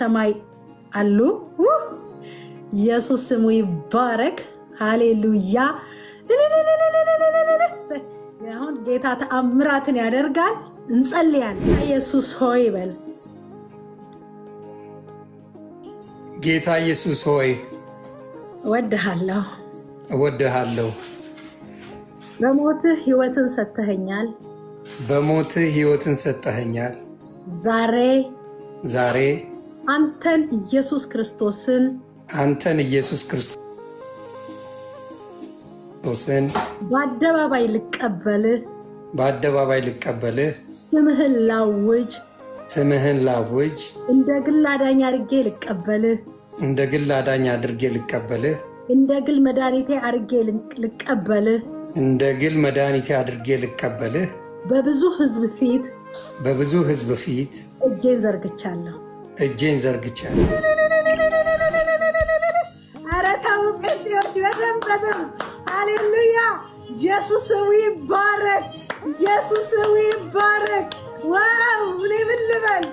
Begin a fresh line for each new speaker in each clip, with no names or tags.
ሰማይ አሉ። ኢየሱስ ስሙ ይባረክ። ሃሌሉያ። አሁን ጌታ ተአምራትን ያደርጋል። እንጸልያለን። ኢየሱስ ሆይ በል።
ጌታ ኢየሱስ ሆይ
እወድሃለሁ፣
እወድሃለሁ።
በሞትህ ህይወትን ሰጥተኸኛል፣
በሞትህ ህይወትን ሰጥተኸኛል። ዛሬ ዛሬ
አንተን ኢየሱስ ክርስቶስን
አንተን ኢየሱስ ክርስቶስን
በአደባባይ ልቀበልህ
በአደባባይ ልቀበልህ
ስምህን ላውጅ
ስምህን ላውጅ
እንደ ግል አዳኝ አድርጌ ልቀበልህ
እንደ ግል አዳኝ አድርጌ ልቀበልህ
እንደ ግል መድኃኒቴ አድርጌ ልቀበልህ
እንደ ግል መድኃኒቴ አድርጌ ልቀበልህ
በብዙ ህዝብ ፊት
በብዙ ህዝብ ፊት
እጄን ዘርግቻለሁ።
እጄን ዘርግቻለሁ።
ኧረ ተው ቅዱስ፣ በደም በደም ሃሌሉያ! ኢየሱስ ይባረክ፣ ኢየሱስ ይባረክ። ዋው! እኔ ምን ልበል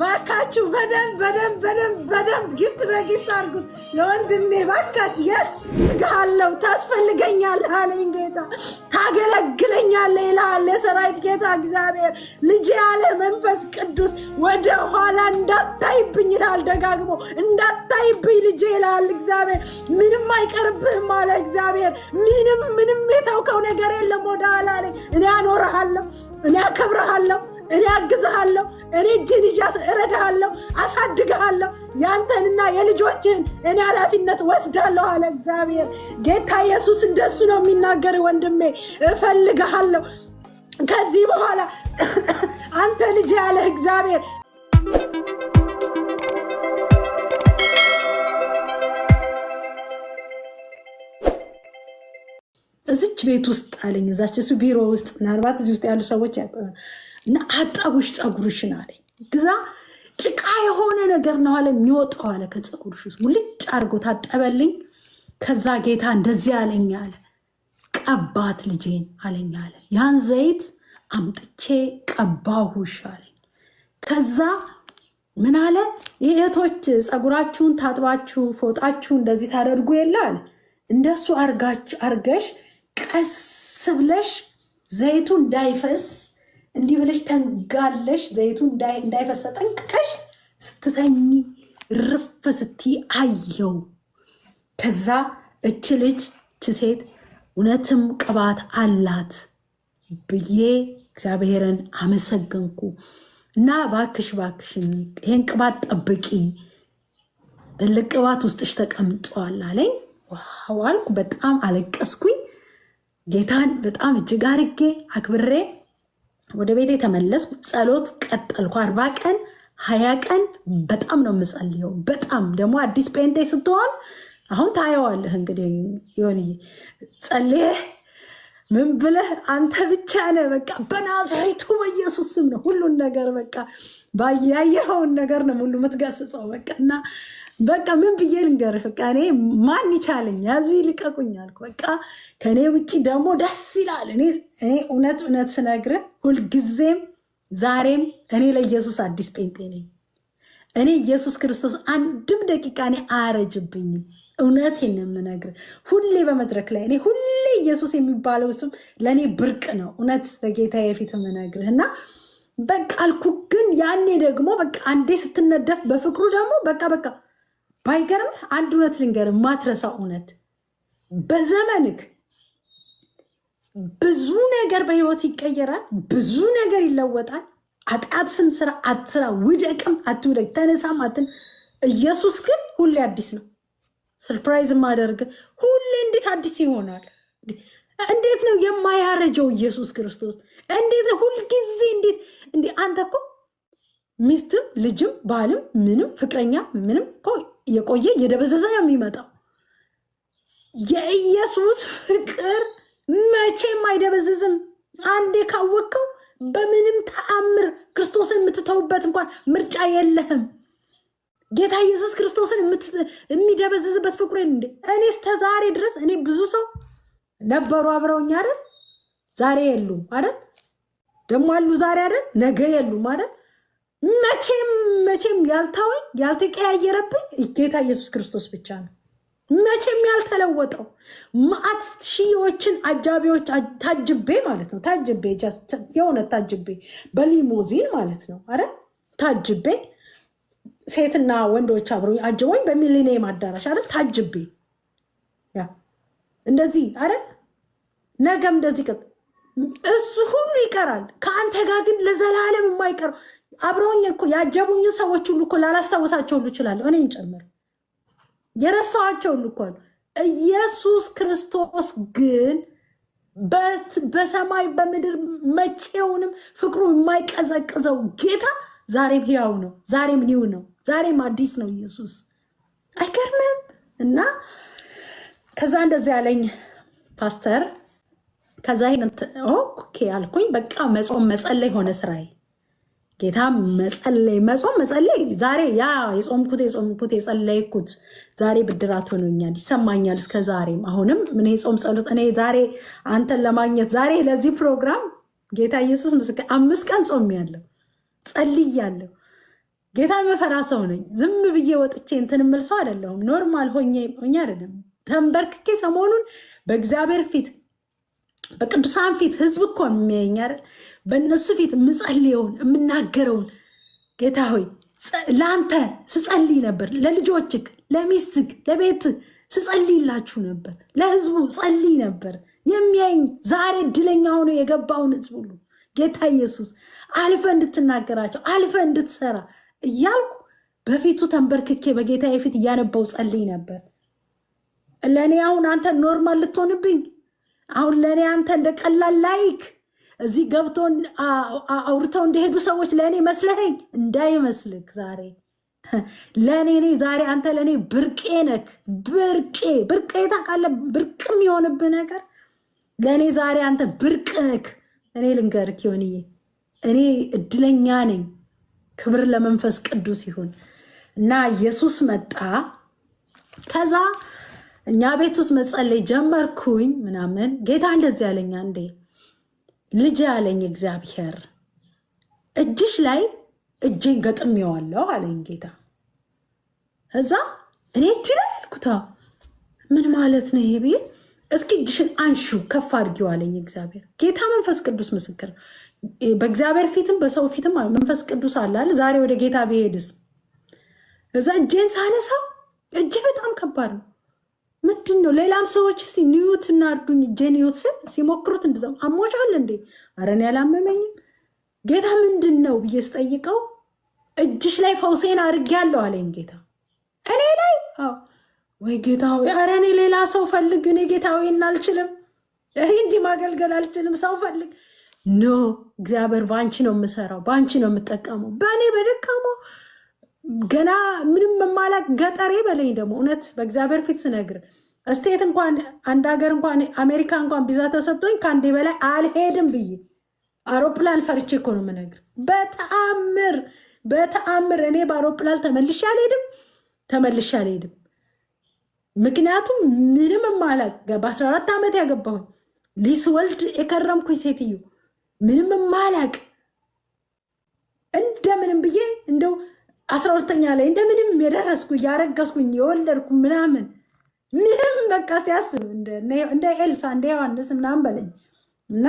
ባካችሁ በደንብ በደንብ በደንብ በደንብ ግፍት በግፍት አድርጉት ለወንድሜ ባካችሁ። የስ እልሃለሁ ታስፈልገኛለህ አለኝ ጌታ። ታገለግለኛለህ ይልሃል የሰራዊት ጌታ እግዚአብሔር። ልጅ ያለ መንፈስ ቅዱስ ወደ ኋላ እንዳታይብኝ ይልሃል ደጋግሞ፣ እንዳታይብኝ ልጅ ይልሃል እግዚአብሔር። ምንም አይቀርብህም አለ እግዚአብሔር። ምንም ምንም የተውከው ነገር የለም ወደ ኋላ እኔ አኖርሃለሁ፣ እኔ አከብረሃለሁ እኔ አግዝሃለሁ፣ እኔ እጅህን ይዤ እረዳሃለሁ፣ አሳድግሃለሁ፣ ያንተንና የልጆችህን እኔ ኃላፊነት ወስዳለሁ አለ እግዚአብሔር። ጌታ ኢየሱስ እንደሱ ነው የሚናገር። ወንድሜ እፈልግሃለሁ ከዚህ በኋላ አንተ ልጅ ያለህ እግዚአብሔር እዛች ቤት ውስጥ አለኝ። እዛች እሱ ቢሮ ውስጥ ምናልባት እዚህ ውስጥ ያሉ ሰዎች እና አጣቡሽ ፀጉርሽን አለኝ። ግዛ ጭቃ የሆነ ነገር ነው አለ የሚወጣው አለ ከፀጉርሽ ውስጥ ሙልጭ አድርጎ ታጠበልኝ። ከዛ ጌታ እንደዚህ አለኝ አለ ቀባት ልጄን አለኝ አለ ያን ዘይት አምጥቼ ቀባሁሽ አለኝ። ከዛ ምን አለ የእህቶች ፀጉራችሁን ታጥባችሁ ፎጣችሁ እንደዚህ ታደርጉ የለ አለ እንደሱ አርጋች አርገሽ ቀስ ብለሽ ዘይቱ እንዳይፈስ እንዲህ ብለሽ ተንጋለሽ ዘይቱ እንዳይፈስ ተጠንቅቀሽ ስትተኝ ርፍ ስትይ አየው። ከዛ እች ልጅ እች ሴት እውነትም ቅባት አላት ብዬ እግዚአብሔርን አመሰገንኩ እና ባክሽ ባክሽን ይሄን ቅባት ጠብቂ፣ ትልቅ ቅባት ውስጥሽ ተቀምጧል አለኝ። ዋው አልኩ። በጣም አለቀስኩኝ። ጌታን በጣም እጅግ አርጌ አክብሬ ወደ ቤት የተመለስኩ ጸሎት ቀጠልኩ። አርባ ቀን ሀያ ቀን በጣም ነው የምጸልየው። በጣም ደግሞ አዲስ ጴንጤ ስትሆን አሁን ታየዋለህ እንግዲህ ሆን ጸልየህ ምን ብለህ አንተ ብቻ ነህ በቃ በናዝሬቱ በኢየሱስ ስም ነው ሁሉን ነገር በቃ ባያየኸውን ነገር ነው ሁሉ የምትገስጸው በቃ እና በቃ ምን ብዬ ልንገርህ? በቃ እኔ ማን ይቻለኝ ያዙ ይልቀቁኝ አልኩ። በቃ ከእኔ ውጭ ደግሞ ደስ ይላል። እኔ እኔ እውነት እውነት ስነግርህ ሁልጊዜም ዛሬም እኔ ለኢየሱስ አዲስ ጴንጤ ነኝ። እኔ ኢየሱስ ክርስቶስ አንድም ደቂቃ እኔ አያረጅብኝም። እውነቴን ነው የምነግርህ። ሁሌ በመድረክ ላይ እኔ ሁሌ ኢየሱስ የሚባለው ስም ለእኔ ብርቅ ነው። እውነት በጌታ የፊት የምነግርህ እና በቃ አልኩ። ግን ያኔ ደግሞ በቃ አንዴ ስትነደፍ በፍቅሩ ደግሞ በቃ በቃ ባይገርምህ አንድ እውነት ልንገርህ፣ ማትረሳው እውነት በዘመንክ ብዙ ነገር በህይወት ይቀየራል፣ ብዙ ነገር ይለወጣል። አጥያትስም ስራ አትስራ፣ ውደቅም አትውደቅ፣ ተነሳም አትን ኢየሱስ ግን ሁሌ አዲስ ነው። ሰርፕራይዝ ማደርግ ሁሌ እንዴት አዲስ ይሆናል? እንዴት ነው የማያረጀው ኢየሱስ ክርስቶስ? እንዴት ነው ሁልጊዜ እንዴት እንዴ! አንተ እኮ ሚስትም ልጅም ባልም ምንም ፍቅረኛ ምንም የቆየ እየደበዘዘ ነው የሚመጣው። የኢየሱስ ፍቅር መቼም አይደበዝዝም። አንዴ ካወቅከው በምንም ተአምር ክርስቶስን የምትተውበት እንኳን ምርጫ የለህም። ጌታ ኢየሱስ ክርስቶስን የሚደበዝዝበት ፍቅሬ እንዴ! እኔ እስከ ዛሬ ድረስ እኔ ብዙ ሰው ነበሩ አብረውኝ አይደል? ዛሬ የሉም አይደል? ደግሞ አሉ ዛሬ አይደል? ነገ የሉም አይደል? መቼም መቼም ያልተወኝ ያልተቀያየረብኝ ጌታ ኢየሱስ ክርስቶስ ብቻ ነው። መቼም ያልተለወጠው ማአት ሺዎችን አጃቢዎች ታጅቤ ማለት ነው። ታጅቤ የሆነ ታጅቤ በሊሞዚን ማለት ነው። አረ ታጅቤ ሴትና ወንዶች አብሮ አጅቦኝ በሚሊኒየም አዳራሽ አይደል ታጅቤ ያ እንደዚህ አረ ነገም እንደዚህ እሱ ሁሉ ይቀራል። ከአንተ ጋር ግን ለዘላለም የማይቀረው አብረውኝ እኮ ያጀቡኝ ሰዎች ሁሉ እኮ ላላስታወሳቸው ሁሉ እችላለሁ፣ እኔን ጨምር የረሳኋቸው ሁሉ እኮ ኢየሱስ ክርስቶስ ግን በሰማይ በምድር መቼውንም ፍቅሩ የማይቀዘቅዘው ጌታ ዛሬም ሕያው ነው። ዛሬም ኒው ነው። ዛሬም አዲስ ነው ኢየሱስ። አይገርምም? እና ከዛ እንደዚህ ያለኝ ፓስተር። ከዛ ኦኬ አልኩኝ። በቃ መጾም መጸለይ ሆነ ስራዬ። ጌታ መጸለይ መጾም መጸለይ ዛሬ ያ የጾምኩት የጾምኩት የጸለይኩት ዛሬ ብድራት ሆኖኛል፣ ይሰማኛል። እስከ ዛሬም አሁንም ምን የጾም ጸሎት እኔ ዛሬ አንተን ለማግኘት ዛሬ ለዚህ ፕሮግራም ጌታ ኢየሱስ ምስክር አምስት ቀን ጾም ያለው ጸልይ ያለው ጌታ መፈራ ሰው ነኝ። ዝም ብዬ ወጥቼ እንትን የምል ሰው አይደለሁም። ኖርማል ሆኜ ሆኜ አይደለም። ተንበርክኬ ሰሞኑን በእግዚአብሔር ፊት በቅዱሳን ፊት ህዝብ እኮ የሚያኛ አይደል በእነሱ ፊት ምጸልየውን የምናገረውን ጌታ ሆይ ለአንተ ስጸልይ ነበር፣ ለልጆችክ፣ ለሚስትክ፣ ለቤት ስጸልይላችሁ ነበር፣ ለህዝቡ ጸልይ ነበር። የሚያኝ ዛሬ እድለኛ ሆኖ የገባውን ህዝብ ሁሉ ጌታ ኢየሱስ አልፈ እንድትናገራቸው አልፈ እንድትሰራ እያልኩ በፊቱ ተንበርክኬ በጌታ የፊት እያነባው ጸልይ ነበር። ለእኔ አሁን አንተ ኖርማል ልትሆንብኝ አሁን ለእኔ አንተ እንደ ቀላል ላይክ እዚህ ገብቶ አውርተው እንደሄዱ ሰዎች ለእኔ መስለኸኝ እንዳይመስልክ ዛሬ ለእኔ ዛሬ አንተ ለእኔ ብርቄ ነክ ብርቄ ብርቄ ታውቃለህ፣ ብርቅ የሚሆንብህ ነገር ለእኔ ዛሬ አንተ ብርቅ ነክ። እኔ ልንገርክ ይሆንዬ እኔ እድለኛ ነኝ። ክብር ለመንፈስ ቅዱስ ይሁን እና ኢየሱስ መጣ። ከዛ እኛ ቤት ውስጥ መጸለይ ጀመርኩኝ ምናምን ጌታ እንደዚህ ያለኛ እንዴ ልጅ አለኝ እግዚአብሔር እጅሽ ላይ እጄን ገጥሜዋለሁ አለኝ ጌታ። እዛ እኔ እጅ ላይ ምን ማለት ነው ይሄ ብዬ እስኪ እጅሽን አንሹ ከፍ አድርጊው አለኝ እግዚአብሔር ጌታ። መንፈስ ቅዱስ ምስክር በእግዚአብሔር ፊትም በሰው ፊትም መንፈስ ቅዱስ አላል። ዛሬ ወደ ጌታ ብሄድስ እዛ እጄን ሳነሳው እጅ በጣም ከባድ ነው። ምንድን ነው? ሌላም ሰዎች ስ ኒዩት እና እርዱኝ ጄኒዩት ስል ሲሞክሩት እንደዛው አሞሻል እንዴ አረን ያላመመኝም ጌታ ምንድን ነው ብዬ ስጠይቀው እጅሽ ላይ ፈውሴን አድርጌያለሁ አለኝ ጌታ። እኔ ላይ ወይ ጌታ ኧረ እኔ ሌላ ሰው ፈልግ፣ እኔ ጌታ ወይን አልችልም፣ እኔ እንዲህ ማገልገል አልችልም፣ ሰው ፈልግ። ኖ እግዚአብሔር በአንቺ ነው የምሰራው፣ በአንቺ ነው የምጠቀመው፣ በእኔ በደካማው ገና ምንም መማላክ ገጠሬ በለኝ ደግሞ እውነት በእግዚአብሔር ፊት ስነግር እስቴት እንኳን አንድ ሀገር እንኳን አሜሪካ እንኳን ቢዛ ተሰጥቶኝ ከአንዴ በላይ አልሄድም ብዬ አውሮፕላን ፈርቼ እኮ ነው የምነግርህ። በተአምር በተአምር እኔ በአውሮፕላን ተመልሼ አልሄድም፣ ተመልሼ አልሄድም። ምክንያቱም ምንም ማላቅ በአስራ አራት ዓመት ያገባሁኝ ሊስወልድ የከረምኩኝ ሴትዮ ምንም ማላቅ እንደምንም ብዬ እንደው አስራ ሁለተኛ ላይ እንደምንም የደረስኩ ያረገዝኩኝ የወለድኩ ምናምን ምንም በቃ ሲያስብ እንደ ኤልሳ እንደ ዮሐንስ ምናምን በለኝ እና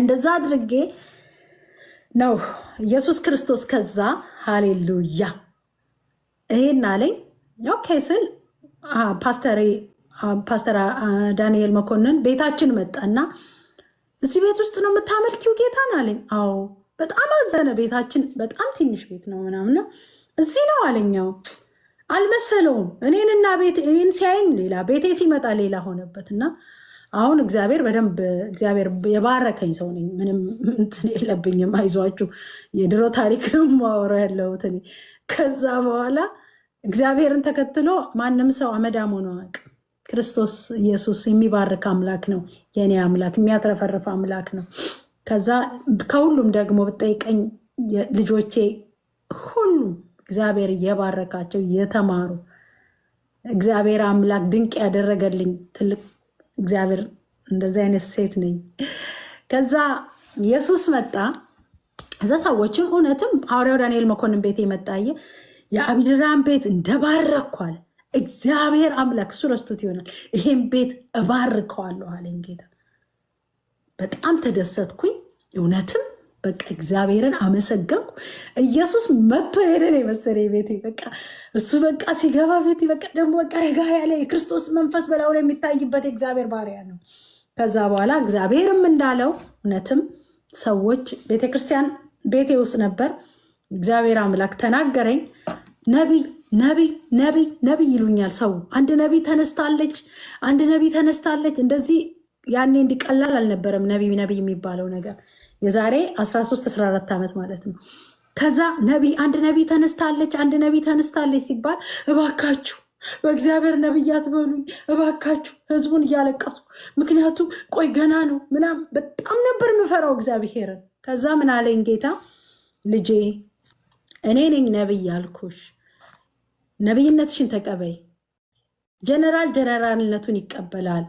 እንደዛ አድርጌ ነው ኢየሱስ ክርስቶስ ከዛ ሃሌሉያ ይሄን አለኝ። ኦኬ ስል ፓስተር ዳንኤል መኮንን ቤታችን መጣና እዚህ ቤት ውስጥ ነው የምታመልኪው ጌታን አለኝ። አዎ በጣም አዘነ። ቤታችን በጣም ትንሽ ቤት ነው ምናምን ነው እዚህ ነው አለኛው አልመሰለውም። እኔንና ቤት እኔን ሲያይኝ ሌላ ቤቴ ሲመጣ ሌላ ሆነበት እና አሁን እግዚአብሔር በደንብ እግዚአብሔር የባረከኝ ሰው ነኝ። ምንም እንትን የለብኝም። አይዟችሁ የድሮ ታሪክ ማወራ ያለሁት እኔ። ከዛ በኋላ እግዚአብሔርን ተከትሎ ማንም ሰው አመዳም ሆኖ አቅ ክርስቶስ ኢየሱስ የሚባርክ አምላክ ነው። የእኔ አምላክ የሚያትረፈርፍ አምላክ ነው። ከዛ ከሁሉም ደግሞ ብጠይቀኝ ልጆቼ ሁሉም እግዚአብሔር እየባረካቸው የተማሩ እግዚአብሔር አምላክ ድንቅ ያደረገልኝ ትልቅ እግዚአብሔር እንደዚህ አይነት ሴት ነኝ። ከዛ ኢየሱስ መጣ። እዛ ሰዎችም እውነትም ሐዋርያው ዳንኤል መኮንን ቤት የመጣየ የአቢድራን ቤት እንደባረኳል እግዚአብሔር አምላክ እሱ ረስቶት ይሆናል። ይሄን ቤት እባርከዋለሁ አለኝ ጌታ በጣም ተደሰትኩኝ። እውነትም በቃ እግዚአብሔርን አመሰገንኩ። ኢየሱስ መጥቶ ሄደ ነው የመሰለኝ ቤቴ። በቃ እሱ በቃ ሲገባ ቤቴ በቃ ደግሞ በቃ ረጋ ያለ የክርስቶስ መንፈስ በላዩ ላይ የሚታይበት የእግዚአብሔር ባሪያ ነው። ከዛ በኋላ እግዚአብሔርም እንዳለው እውነትም ሰዎች ቤተክርስቲያን ቤቴ ውስጥ ነበር። እግዚአብሔር አምላክ ተናገረኝ። ነቢይ ነቢይ ነቢይ ነቢይ ይሉኛል ሰው። አንድ ነቢይ ተነስታለች፣ አንድ ነቢይ ተነስታለች እንደዚህ ያኔ እንዲቀላል አልነበረም። ነቢ ነቢ የሚባለው ነገር የዛሬ 13 14 ዓመት ማለት ነው። ከዛ ነቢ አንድ ነቢ ተነስታለች፣ አንድ ነቢ ተነስታለች ሲባል እባካችሁ በእግዚአብሔር ነብያት በሉኝ እባካችሁ ህዝቡን እያለቀሱ ምክንያቱም ቆይ ገና ነው ምናምን በጣም ነበር የምፈራው እግዚአብሔርን። ከዛ ምን አለኝ ጌታ ልጄ እኔ ነኝ ነብይ ያልኩሽ፣ ነብይነትሽን ተቀበይ። ጀነራል ጀነራልነቱን ይቀበላል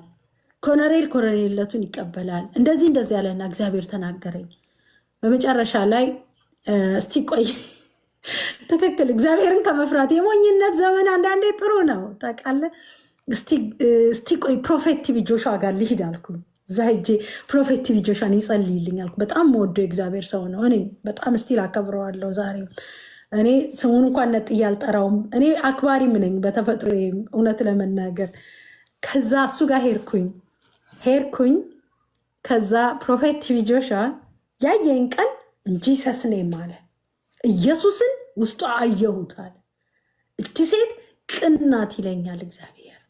ኮነሬል ኮነሬልነቱን ይቀበላል። እንደዚህ እንደዚህ ያለና እግዚአብሔር ተናገረኝ። በመጨረሻ ላይ እስቲ ቆይ ትክክል እግዚአብሔርን ከመፍራት የሞኝነት ዘመን አንዳንዴ ጥሩ ነው ታውቃለህ። እስቲ ቆይ ፕሮፌት ቲቪ ጆሹዋ ጋር ልሂድ አልኩ። እዛ ሄጄ ፕሮፌት ቲቪ ጆሹዋን ይጸልይልኝ አልኩ። በጣም መወዶ እግዚአብሔር ሰው ነው። እኔ በጣም እስቲል አከብረዋለሁ ዛሬም እኔ ስሙን እንኳን ነጥዬ አልጠራውም። እኔ አክባሪም ነኝ በተፈጥሮ እውነት ለመናገር ከዛ እሱ ጋር ሄድኩኝ። ሄርኩኝ ከዛ ፕሮፌት ቲቪ ጆሻ ያየኝ ቀን እንጂሰስ ኔም አለ ኢየሱስን ውስጡ አየሁታል። እቺ ሴት ቅናት ይለኛል እግዚአብሔር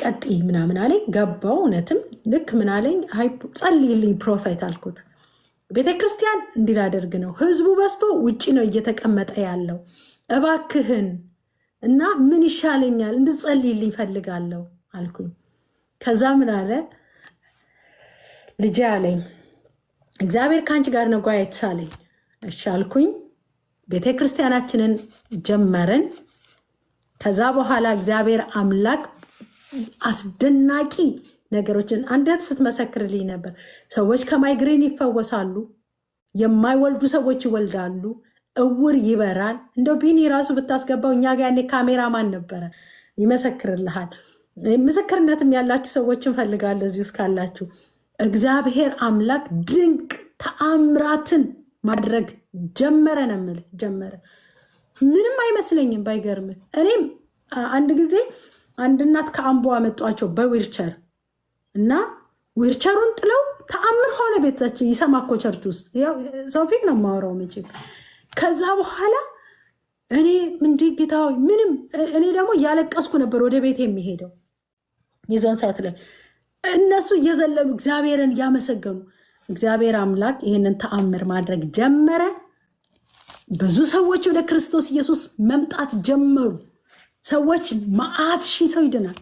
ቀጥይ ምናምን አለኝ። ገባው እውነትም ልክ ምን አለኝ፣ ጸልይልኝ ፕሮፌት አልኩት። ቤተክርስቲያን እንዲላደርግ ነው ህዝቡ በዝቶ ውጭ ነው እየተቀመጠ ያለው። እባክህን እና ምን ይሻለኛል እንድጸልይልኝ ይፈልጋለሁ አልኩኝ። ከዛ ምን አለ ልጄ አለኝ እግዚአብሔር ከአንቺ ጋር ነው የተሳለኝ አለኝ። እሺ አልኩኝ። ቤተ ክርስቲያናችንን ጀመርን። ከዛ በኋላ እግዚአብሔር አምላክ አስደናቂ ነገሮችን አንዳት ስትመሰክርልኝ ነበር። ሰዎች ከማይግሬን ይፈወሳሉ፣ የማይወልዱ ሰዎች ይወልዳሉ፣ እውር ይበራል። እንደው ቢኒ ራሱ ብታስገባው እኛ ጋ ያኔ ካሜራማን ነበረ፣ ይመሰክርልሃል ምስክርነትም ያላችሁ ሰዎች እንፈልጋለን እዚህ ውስጥ ካላችሁ። እግዚአብሔር አምላክ ድንቅ ተአምራትን ማድረግ ጀመረ ነው የምልህ። ጀመረ ምንም አይመስለኝም። ባይገርም እኔም አንድ ጊዜ አንድ እናት ከአምቦ አመጧቸው በዊርቸር እና ዊርቸሩን ጥለው ተአምር ሆነ። ቤታችን ይሰማ እኮ ቸርች ውስጥ ሰው ፊት ነው የማወራው መቼም። ከዛ በኋላ እኔ እንዲህ ጌታ ምንም እኔ ደግሞ እያለቀስኩ ነበር ወደ ቤት የሚሄደው የዛን ሰዓት ላይ እነሱ እየዘለሉ እግዚአብሔርን እያመሰገኑ እግዚአብሔር አምላክ ይህንን ተአምር ማድረግ ጀመረ። ብዙ ሰዎች ወደ ክርስቶስ ኢየሱስ መምጣት ጀመሩ። ሰዎች መዓት ሺህ ሰው ይድናል።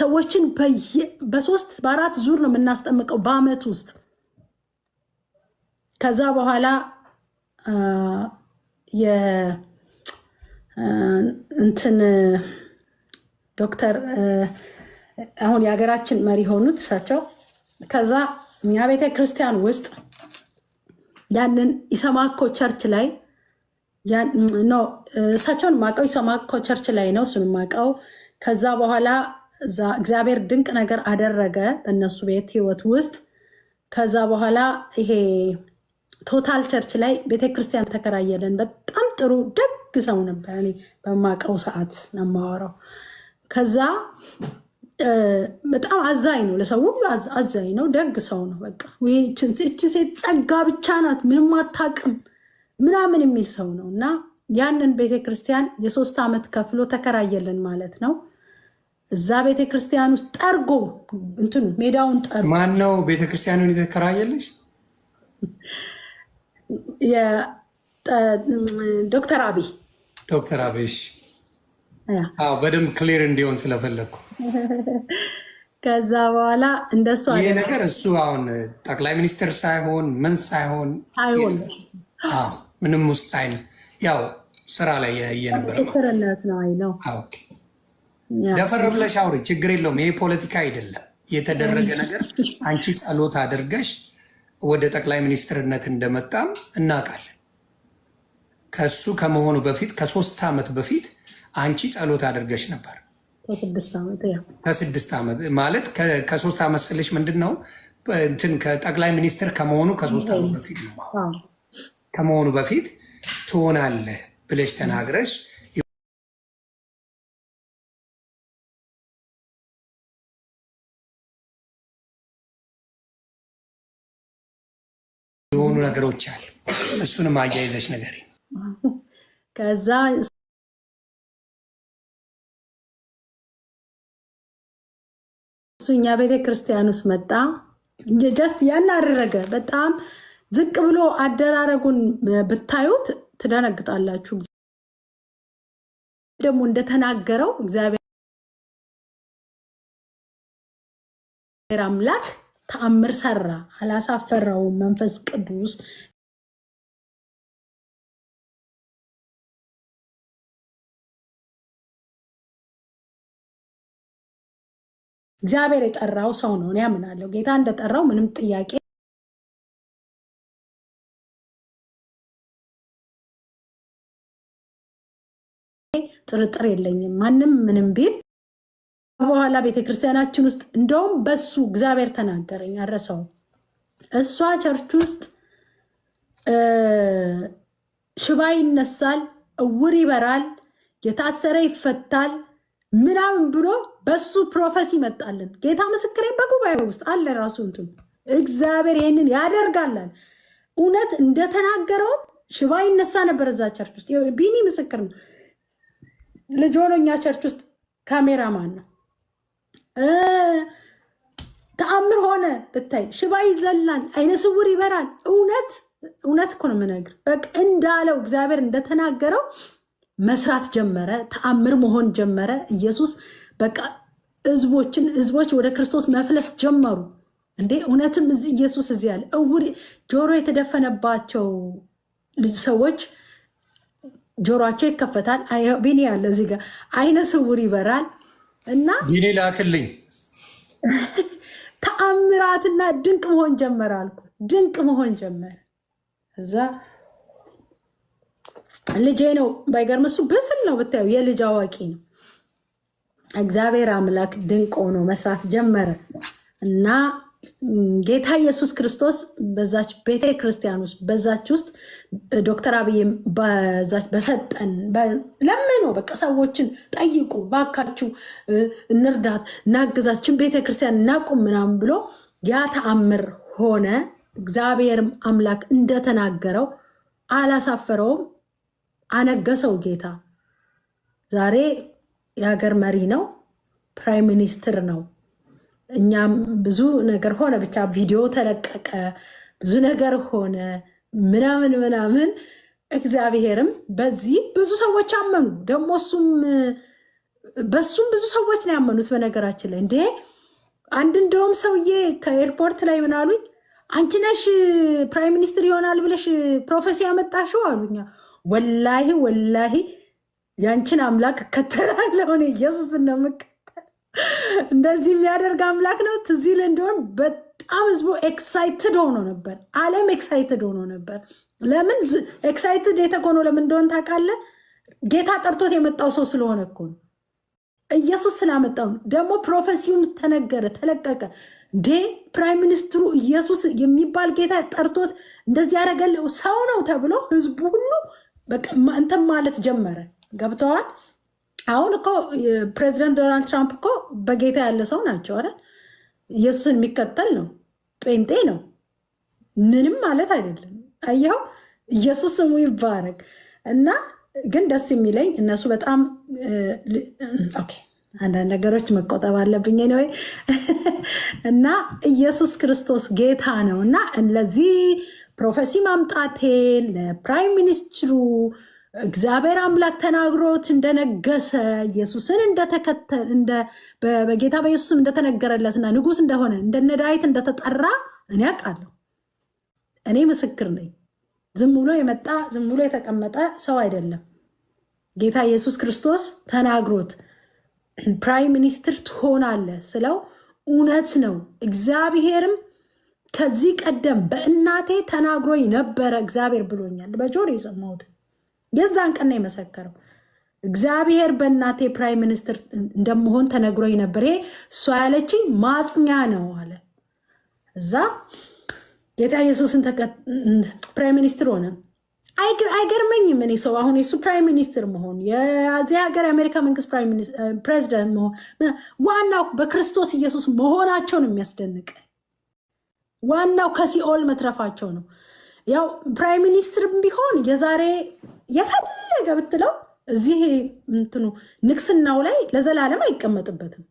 ሰዎችን በሶስት በአራት ዙር ነው የምናስጠምቀው በአመት ውስጥ። ከዛ በኋላ እንትን ዶክተር አሁን የሀገራችን መሪ ሆኑት እሳቸው። ከዛ እኛ ቤተ ክርስቲያን ውስጥ ያንን ኢሰማኮ ቸርች ላይ እሳቸውን ማቀው ኢሰማኮ ቸርች ላይ ነው እሱን ማቀው። ከዛ በኋላ እግዚአብሔር ድንቅ ነገር አደረገ በእነሱ ቤት ህይወት ውስጥ። ከዛ በኋላ ይሄ ቶታል ቸርች ላይ ቤተክርስቲያን ተከራየለን። በጣም ጥሩ ደግ ሰው ነበር። እኔ በማቀው ሰዓት ነው የማወራው። ከዛ በጣም አዛኝ ነው፣ ለሰው ሁሉ አዛኝ ነው፣ ደግ ሰው ነው። በቃ እቺ ሴት ጸጋ ብቻ ናት፣ ምንም አታውቅም ምናምን የሚል ሰው ነው። እና ያንን ቤተክርስቲያን የሶስት ዓመት ከፍሎ ተከራየልን ማለት ነው። እዛ ቤተክርስቲያን ውስጥ ጠርጎ እንትኑ ሜዳውን ጠርጎ
ማን ነው ቤተክርስቲያኑን የተከራየልሽ? ዶክተር አብይ ዶክተር አብይ በደንብ ክሊር እንዲሆን ስለፈለግኩ
ከዛ በኋላ እንደሱ
ይሄ ነገር እሱ አሁን ጠቅላይ ሚኒስትር ሳይሆን ምን ሳይሆን አይሆን ምንም ውስጥ አይነ ያው ስራ ላይ ያየ ነው። ነው ደፈር ብለሽ አውሪ፣ ችግር የለውም። ይሄ ፖለቲካ አይደለም የተደረገ ነገር። አንቺ ጸሎት አድርገሽ ወደ ጠቅላይ ሚኒስትርነት እንደመጣም እናውቃለን። ከሱ ከመሆኑ በፊት ከሶስት ዓመት በፊት አንቺ ጸሎት አድርገሽ ነበር ከስድስት ዓመት ማለት ከሶስት ዓመት ስልሽ ምንድን ነው እንትን ከጠቅላይ ሚኒስትር ከመሆኑ ከሶስት ዓመት በፊት ነው ከመሆኑ በፊት ትሆናለህ ብለሽ ተናግረሽ የሆኑ ነገሮች አሉ። እሱንም አያይዘሽ ነገር
ከዛ እሱ እኛ ቤተ ክርስቲያን ውስጥ መጣ። ጀስት ያን አደረገ። በጣም ዝቅ ብሎ አደራረጉን ብታዩት ትደነግጣላችሁ። ደግሞ እንደተናገረው እግዚአብሔር አምላክ ተአምር ሰራ፣ አላሳፈራውም። መንፈስ ቅዱስ እግዚአብሔር የጠራው ሰው ነው ያምናለሁ። ጌታ እንደጠራው ምንም ጥያቄ ጥርጥር የለኝም። ማንም ምንም ቢል በኋላ ቤተክርስቲያናችን ውስጥ እንደውም በሱ እግዚአብሔር ተናገረኝ አረሰው እሷ ቸርች ውስጥ ሽባ ይነሳል፣ እውር ይበራል፣ የታሰረ ይፈታል ምናምን ብሎ በሱ ፕሮፌሲ ይመጣልን። ጌታ ምስክሬን በጉባኤ ውስጥ አለ። ራሱ እንትን እግዚአብሔር ይህንን ያደርጋለን። እውነት እንደተናገረውም ሽባ ይነሳ ነበር እዛ ቸርች ውስጥ። ቢኒ ምስክር ነው። ልጅ ሆኖ እኛ ቸርች ውስጥ ካሜራማን ነው። ተአምር ሆነ ብታይ፣ ሽባ ይዘላል፣ አይነ ስውር ይበራል። እውነት እውነት እኮ ነው የምነግር። በቃ እንዳለው እግዚአብሔር እንደተናገረው መስራት ጀመረ። ተአምር መሆን ጀመረ። ኢየሱስ በቃ ህዝቦችን ህዝቦች ወደ ክርስቶስ መፍለስ ጀመሩ። እንዴ እውነትም እዚህ ኢየሱስ እዚህ ያለ እውር ጆሮ የተደፈነባቸው ሰዎች ጆሮቸው ይከፈታል። ቢኒ ያለ እዚህ ጋር አይነ ስውር ይበራል። እና
ቢኒ ላክልኝ
ተአምራትና ድንቅ መሆን ጀመር አልኩ። ድንቅ መሆን ጀመር። እዛ ልጄ ነው ባይገርም እሱ ብስል ነው ብታየው፣ የልጅ አዋቂ ነው። እግዚአብሔር አምላክ ድንቅ ሆኖ መስራት ጀመረ እና ጌታ ኢየሱስ ክርስቶስ በዛች ቤተ ክርስቲያን ውስጥ በዛች ውስጥ ዶክተር አብይ በዛች በሰጠን ለምኖ በቃ ሰዎችን ጠይቁ ባካችሁ፣ እንርዳት፣ እናግዛችን፣ ቤተ ክርስቲያን እናቁም ምናምን ብሎ ያ ተአምር ሆነ። እግዚአብሔርም አምላክ እንደተናገረው አላሳፈረውም፣ አነገሰው ጌታ ዛሬ የሀገር መሪ ነው፣ ፕራይም ሚኒስትር ነው። እኛም ብዙ ነገር ሆነ፣ ብቻ ቪዲዮ ተለቀቀ፣ ብዙ ነገር ሆነ ምናምን ምናምን። እግዚአብሔርም በዚህ ብዙ ሰዎች አመኑ። ደግሞ እሱም በሱም ብዙ ሰዎች ነው ያመኑት። በነገራችን ላይ እንደ አንድ እንደውም ሰውዬ ከኤርፖርት ላይ ምን አሉኝ፣ አንቺ ነሽ ፕራይም ሚኒስትር ይሆናል ብለሽ ፕሮፌሲ ያመጣሽው አሉኛ። ወላሂ ወላሂ ያንቺን አምላክ እከተላለሁ እኔ ኢየሱስ የምከተል። እንደዚህ የሚያደርግ አምላክ ነው። ትዝ ይል እንደሆን በጣም ህዝቡ ኤክሳይትድ ሆኖ ነበር። አለም ኤክሳይትድ ሆኖ ነበር። ለምን ኤክሳይትድ የተኮኖ ለምን እንደሆን ታውቃለህ? ጌታ ጠርቶት የመጣው ሰው ስለሆነ እኮ ነው። ኢየሱስ ስላመጣው ደግሞ ፕሮፌሲውም ተነገረ፣ ተለቀቀ። እንዴ ፕራይም ሚኒስትሩ ኢየሱስ የሚባል ጌታ ጠርቶት እንደዚህ ያደረገለው ሰው ነው ተብሎ ህዝቡ ሁሉ እንትን ማለት ጀመረ። ገብተዋል። አሁን እኮ ፕሬዚደንት ዶናልድ ትራምፕ እኮ በጌታ ያለ ሰው ናቸው አይደል? ኢየሱስን የሚከተል ነው፣ ጴንጤ ነው። ምንም ማለት አይደለም። አየኸው፣ ኢየሱስ ስሙ ይባረግ እና ግን ደስ የሚለኝ እነሱ በጣም ኦኬ አንዳንድ ነገሮች መቆጠብ አለብኝ ወይ እና ኢየሱስ ክርስቶስ ጌታ ነው እና ለዚህ ፕሮፌሲ ማምጣቴን ለፕራይም ሚኒስትሩ እግዚአብሔር አምላክ ተናግሮት እንደነገሰ ኢየሱስን እንደተከተለ በጌታ በኢየሱስም እንደተነገረለትና ንጉስ እንደሆነ እንደነ ዳዊት እንደተጠራ እኔ አውቃለሁ። እኔ ምስክር ነኝ። ዝም ብሎ የመጣ ዝም ብሎ የተቀመጠ ሰው አይደለም። ጌታ ኢየሱስ ክርስቶስ ተናግሮት ፕራይም ሚኒስትር ትሆናለህ ስለው እውነት ነው። እግዚአብሔርም ከዚህ ቀደም በእናቴ ተናግሮኝ ነበረ እግዚአብሔር ብሎኛል። በጆሮ የሰማሁት የዛን ቀን ነው የመሰከረው። እግዚአብሔር በእናቴ ፕራይም ሚኒስትር እንደመሆን ተነግሮኝ ነበር። ይሄ እሷ ያለችኝ ማጽኛ ነው አለ። እዛ ጌታ ኢየሱስን ፕራይም ሚኒስትር ሆነ። አይገርመኝም። እኔ ሰው አሁን የሱ ፕራይም ሚኒስትር መሆን የዚህ ሀገር የአሜሪካ መንግስት ፕሬዚደንት መሆን ዋናው በክርስቶስ ኢየሱስ መሆናቸው ነው የሚያስደንቅ። ዋናው ከሲኦል መትረፋቸው ነው። ያው ፕራይም ሚኒስትር ቢሆን የዛሬ የፈለገ ብትለው እዚህ እንትኑ ንግስናው ላይ ለዘላለም አይቀመጥበትም።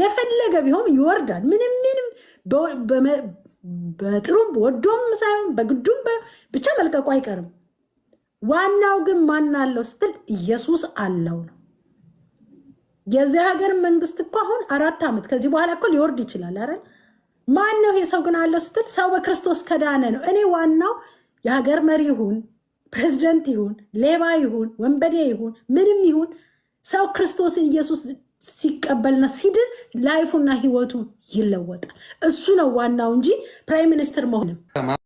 የፈለገ ቢሆን ይወርዳል። ምንም ምንም በጥሩም ወዶም ሳይሆን በግዱም ብቻ መልቀቁ አይቀርም። ዋናው ግን ማን አለው ስትል ኢየሱስ አለው ነው። የዚህ ሀገር መንግስት እኮ አሁን አራት ዓመት ከዚህ በኋላ እኮ ሊወርድ ይችላል። አረ ማን ነው ይሄ ሰው ግን አለው ስትል ሰው በክርስቶስ ከዳነ ነው። እኔ ዋናው የሀገር መሪ ይሁን ፕሬዝደንት ይሁን ሌባ ይሁን ወንበዴ ይሁን ምንም ይሁን ሰው ክርስቶስን ኢየሱስ ሲቀበልና ሲድን ላይፉና ህይወቱ ይለወጣል። እሱ ነው ዋናው እንጂ ፕራይም ሚኒስትር መሆንም